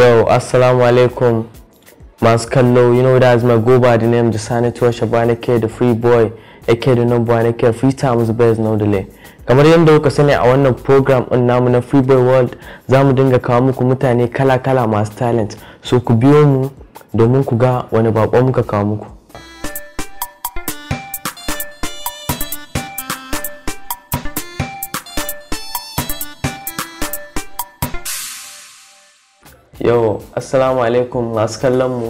Yo, assalamu alaikum. kallo you know that is my go by the name Jasani Tuwasha Banake, the free boy, da nan number Banake, free times best no delay. Kamar yadda kuka sani a wannan program ɗin namu na Free Boy World za mu dinga kawo muku mutane kala-kala masu talent. So ku biyo mu domin ku ga wani bakon muka kawo muku. yau assalamu alaikum masu kallon mu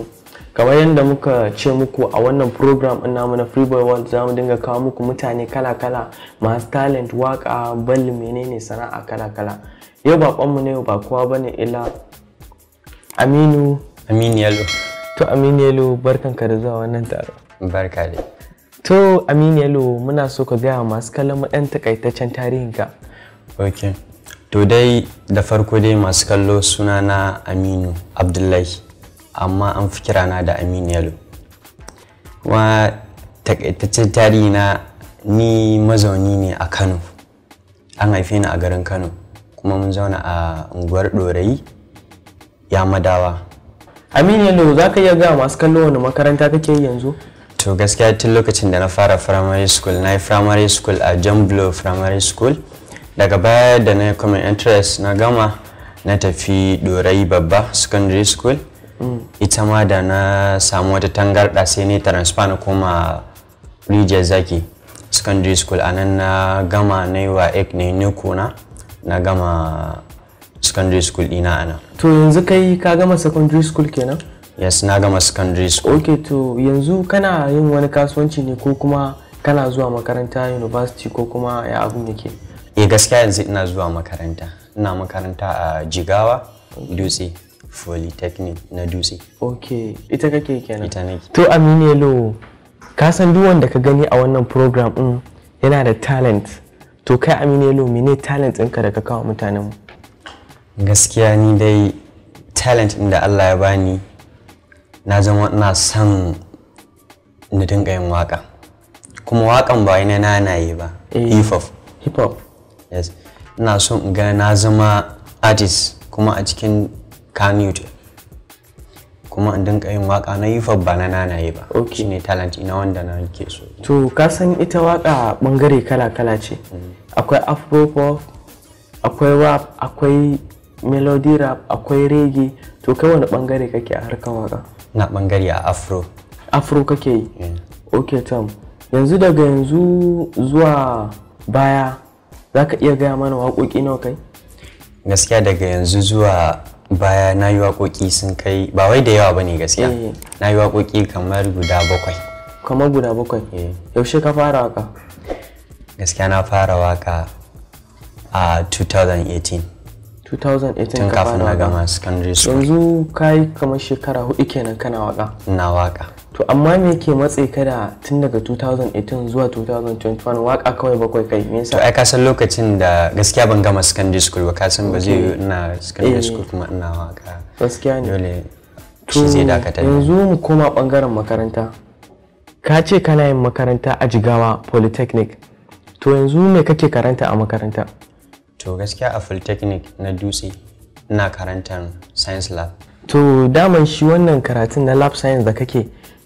kamar yadda muka ce muku a wannan program in namu na freeboy world za mu dinga kawo muku mutane kala-kala masu talent waka balli menene sana'a kala-kala yau bakonmu ne ba kowa bane illa aminu aminu yalo to aminu yalo ka da zuwa wannan taro barka ne. to aminu yalo muna so ka gaya masu kallon mu dan takaitaccen tarihinka okay To dai da farko dai masu kallo sunana Aminu Abdullahi amma an fi kirana da Aminu Yalo. Kuma takaitaccen tarihi na ni mazauni ne a Kano. An haife ni a garin Kano kuma mun zauna a unguwar Dorayi ya madawa. Aminu Yalo za ka iya ga masu kallo wani makaranta kake yanzu? To gaskiya tun lokacin da na fara primary school na yi primary school a John Blow Primary School. daga baya da na common interest na gama na tafi dorai babba secondary school mm. ita ma da na samu wata tangarɗa sai ne transfer na koma rijiyar zaki secondary school anan na gama na yi wa ne na na gama secondary school ina ana. to yanzu kai ka gama secondary school kenan yes na gama secondary school ok to yanzu kana yin wani kasuwanci ne ko kuma kana zuwa makaranta university ko kuma ya abun yake e gaskiya yanzu ina zuwa makaranta ina makaranta a jigawa dutse polytechnic na dutse ok ita kake kenan ita nake to aminelo ka san duk wanda ka gani a wannan program din yana da talent to kai aminelo mene talent ɗinka da ka kawo mutanen mu gaskiya ni dai talent ɗin da Allah ya bani na zama ina son na dinga yin waka kuma wakan ba na na yi ba eh. hip hop yes ina so in ga na zama artist kuma a cikin kanute kuma in dinka yin waka na yi ba na yi ba shi ne talent ina wanda na ke so to ka san ita waka bangare kala kala ce mm. akwai afro pop akwai rap akwai melody rap akwai reggae to kai wani bangare kake a harkar waka na bangare a afro afro kake yi ok tom yanzu daga yanzu zuwa baya za ka iya gaya mana waƙoƙi nawa kai gaskiya daga yanzu zuwa baya na yi waƙoƙi sun kai ba wai da yawa ba ne gaskiya eh. na yi waƙoƙi kamar guda bakwai kamar guda bakwai eh. yaushe ka fara waka gaskiya na fara waka a 2018 2018 tun kafin na gama secondary school yanzu ka yi kamar shekara hudu kenan kana waka na waka to amma me ke matse ka da tun daga 2018 zuwa 2021 waka kawai bakwai kai me yasa ai ka san lokacin da gaskiya ban gama secondary school ba ka san ba zai ina secondary school eh. kuma ina waka gaskiya ne dole shi zai dakatar yanzu mu koma bangaren makaranta ka ce kana yin makaranta a jigawa polytechnic to yanzu me kake karanta a makaranta to gaskiya a polytechnic na dutse ina karantar science lab to daman shi wannan karatun na lab science da kake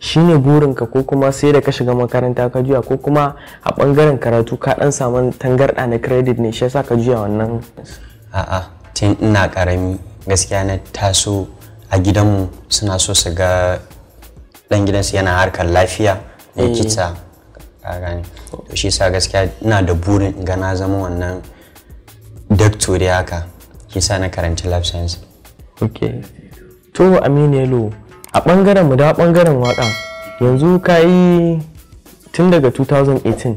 shine burinka ko kuma sai da ka shiga makaranta ka juya ko kuma a bangaren karatu ka dan samu tangarɗa na credit ne shi yasa ka juya wannan a'a tun ina karami gaskiya na taso a gidanmu suna so su ga dan gidansu yana harkar lafiya eh. a gani to shi sa gaskiya ina da burin ga na zama wannan doctor haka shi sa na karanci lab science okay to yalo a bangaren mu da bangaren waka yanzu ka yi tun daga 2018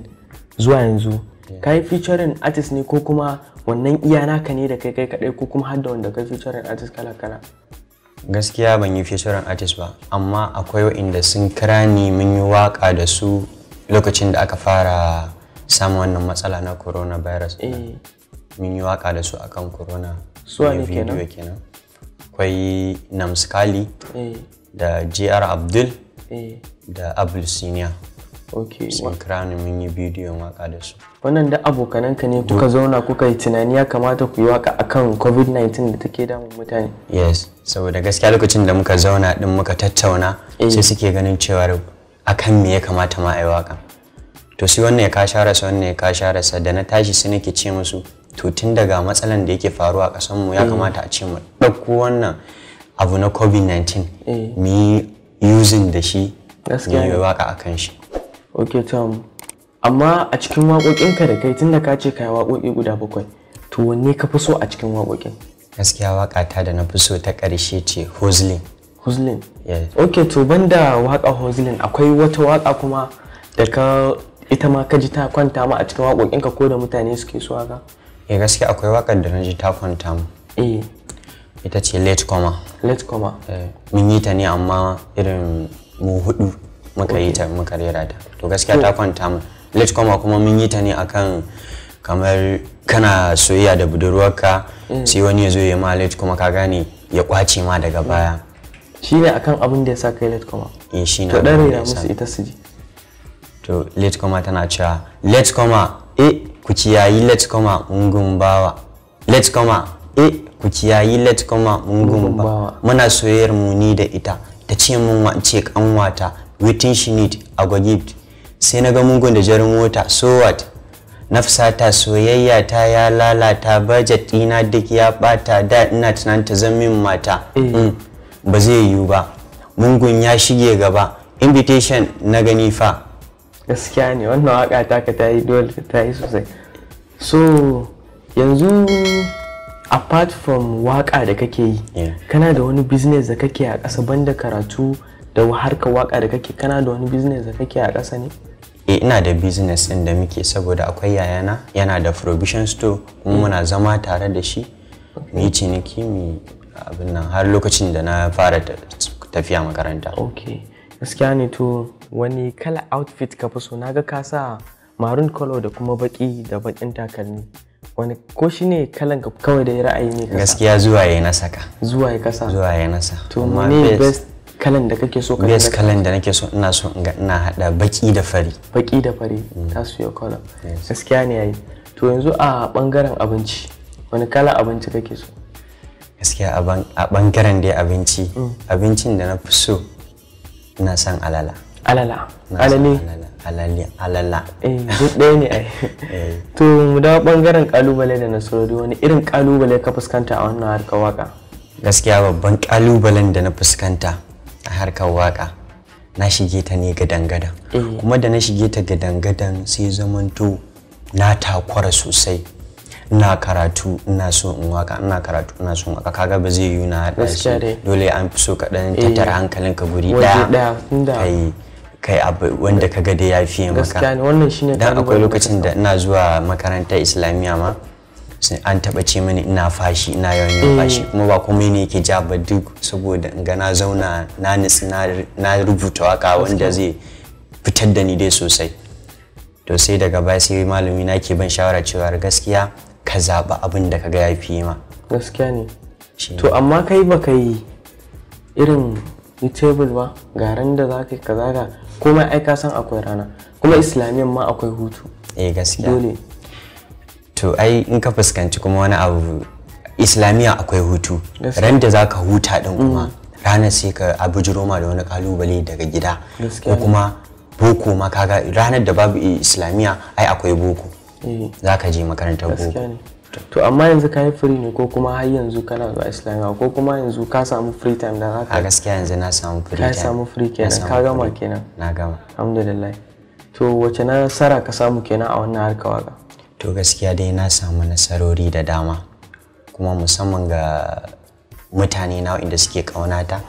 zuwa yanzu ka yi featuring artist ne ko kuma wannan iya naka ne da kai kai kaɗai ko kuma har da wanda kai featuring artist kala kala gaskiya ban yi featuring artist ba amma akwai wa'inda sun kira ni mun yi waka da su lokacin da aka fara samun wannan matsala na coronavirus eh. mun yi waka da su akan corona su ne kenan akwai namskali eh. da jr abdul eh. da abdul senior Okay. sun kira ni mun yi bidiyon waka da su. Wannan da abokananka ne kuka zauna kuka yi tunani ya kamata ku yi waka akan COVID-19 da take damun mutane. Yes, saboda gaskiya lokacin da muka zauna din muka tattauna eh. sai suke ganin cewa akan me ya kamata ma a yi waka. To sai wannan ya ka share rasa wannan ya ka share da na tashi sai nake ce musu to tun daga matsalan da yake faruwa a mu ya mm. kamata a ce mu ɗauko wannan abu na covid-19 mm. mu yi using da shi ya yi waka a kan shi ok tom amma a cikin waƙoƙinka da kai tun da ka ce ka yi waƙoƙi guda bakwai to wanne ka fi so a cikin waƙoƙin gaskiya waka ta da na fi so ta ƙarshe ce hozlin ok to banda waka hozlin akwai wata waka kuma da ka ita ma ka ji ta kwanta ma a cikin waƙoƙinka ko da mutane suke so haka ya eh, gaske akwai wakar da na ji ta kwanta mu eh ita ce late coma late coma eh, mun yi ta ne amma irin mu hudu muka yi ta muka rera ta to gaskiya ta kwanta mu late coma kuma mun yi ta ne akan kamar kana soyayya da budurwarka mm. sai wani ya zo ya ma late kuma ka gane ya kwace ma daga mm. baya shine akan abin da ya sa kai late coma eh shine to dan rera musu ita su ji to late coma tana cewa late coma eh ku ciyayi let koma ungun bawa let koma e eh, ku let koma ungun bawa muna soyayyar mu ni da ita ta ce mun wance kanwata waiting she need go gift sai na ga mungun da jarin mota so what nafsata soyayya ta ya lalata budget ɗina duk ya bata da ina tunan ta zan mata eh. mm, ba zai yiwu ba mungun ya shige gaba invitation na gani fa gaskiya ne wannan waka taka ta yi dole ta yi sosai so yanzu apart from waka da kake yi kana da wani business da kake a ƙasa banda karatu da harka waka da kake kana da wani business da kake a ƙasa ne e ina da business din da muke saboda akwai yayana yana da provision store kuma mm. muna zama tare da shi mu yi ciniki mu abin nan har lokacin da na fara tafiya makaranta okay gaskiya ne to wani kala outfit ka fi so naga ka sa maroon color da kuma baki da bakin takalmi wani ko shi ne kalan ka kawai da ra'ayi ne kasa gaskiya zuwa ya na saka zuwa ya kasa zuwa ya nasa. to ne best kalan da kake so kalan best kalan da nake so ina so in ina hada baki da fari baki da fari mm. that's your color gaskiya ne yayi to yanzu a bangaren abinci wani kala abinci kake so gaskiya a bangaren dai abinci mm. abincin da na fi so ina son alala alala alale alala Eh duk ɗaya ne ai eh. to mu dawo bangaren kalubale da nasarori wani irin kalubale ka fuskanta a wannan harkar waka gaskiya babban kalubalen da na fuskanta a harkar waka na shige ta ne gadan-gadan eh. kuma da na shige ta gadan-gadan sai zamanto na takwara sosai ina karatu ina so in waka ina karatu ina so waka kaga ba zai yiwu na haɗa shi dole an fi so kaɗan eh. tattara hankalinka guri ɗaya kai abu wanda ka gade ya fiye maka dan akwai lokacin da ina zuwa makarantar islamiyya ma an taba ce mani ina fashi ina yawan yin eh. fashi kuma ba komai ne yake ja ba duk saboda in ga na zauna na nitsi na rubuta waka wanda zai fitar da ni dai sosai to sai daga baya sai malami na ke ban shawara cewa gaskiya ka zaba abin da ka ga ya fi ma gaskiya ne to amma kai ba ka yi irin in tebul ba ran da za ka yi kaza ga komai ai ka san akwai rana kuma islamiyan ma akwai hutu eh gaskiya dole to ai in ka fuskanci kuma wani abu islamiyya akwai hutu ran da za ka huta din mm. kuma ranar sai ka abujiro ma da wani kalubale daga gida ko kuma boko ma kaga ranar da babu islamiyya ai akwai boko eh. za ka je makarantar boko to amma yanzu ka yi free ne ko kuma har yanzu kana zuwa islamiyya ko kuma yanzu ka samu free time da haka a gaskiya yanzu na samu free time ka samu free kenan ka gama kenan na gama alhamdulillah to wace nasara ka samu kenan a wannan harka waka to gaskiya dai na samu nasarori da dama kuma musamman ga mutane na inda suke kaunata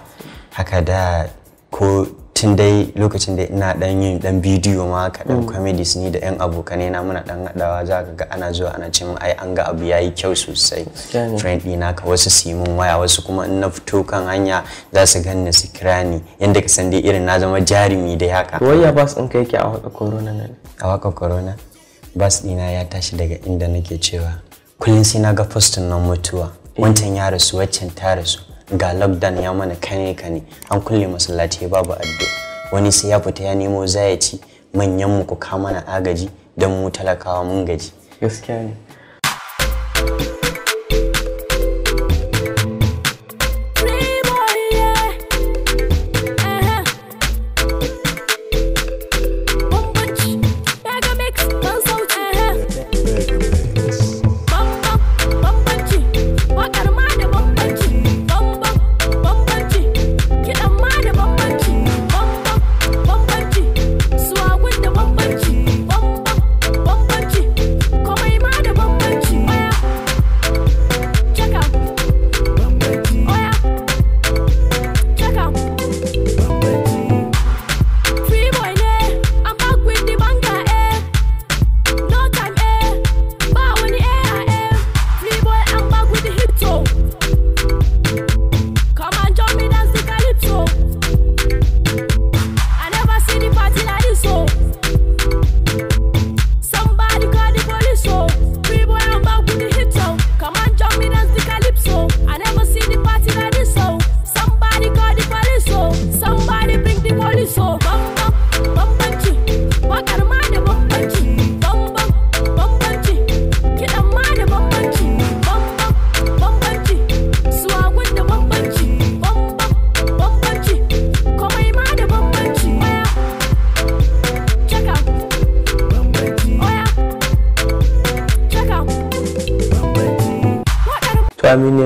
haka da ko tun dai lokacin da ina dan yin dan bidiyo ma ka dan mm. comedies ni da yan abokanai na muna dan hadawa za ka ga ana zuwa ana ce ai an ga abu yayi kyau sosai friend ɗina ka wasu su waya wasu kuma in na fito kan hanya za su ganni su kira ni yanda ka san dai irin na zama jarumi da haka waya bas din kai yake a waka corona nan a waka corona bas ɗina ya tashi daga inda nake cewa kullum sai na ga postin nan mutuwa eh. wancan ya rasu waccan ta rasu ga lockdown ya mana kane kane an kulle masallaci babu addu wani sai ya fita ya nemo zayaci manyan mu ku ka mana agaji don mu talakawa mun gaji gaskiya ne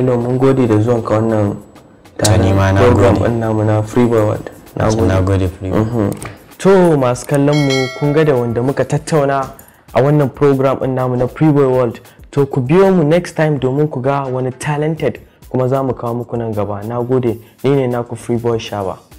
Bello mun gode da zuwan ka wannan program ɗin namu na Free Na gode mhm. To masu kallon mu kun ga da wanda muka tattauna a wannan program ɗin namu na Free World. To ku biyo mu next time domin ku ga wani talented kuma za mu kawo muku nan gaba. Na gode, ni ne naku Free Boy Shaba.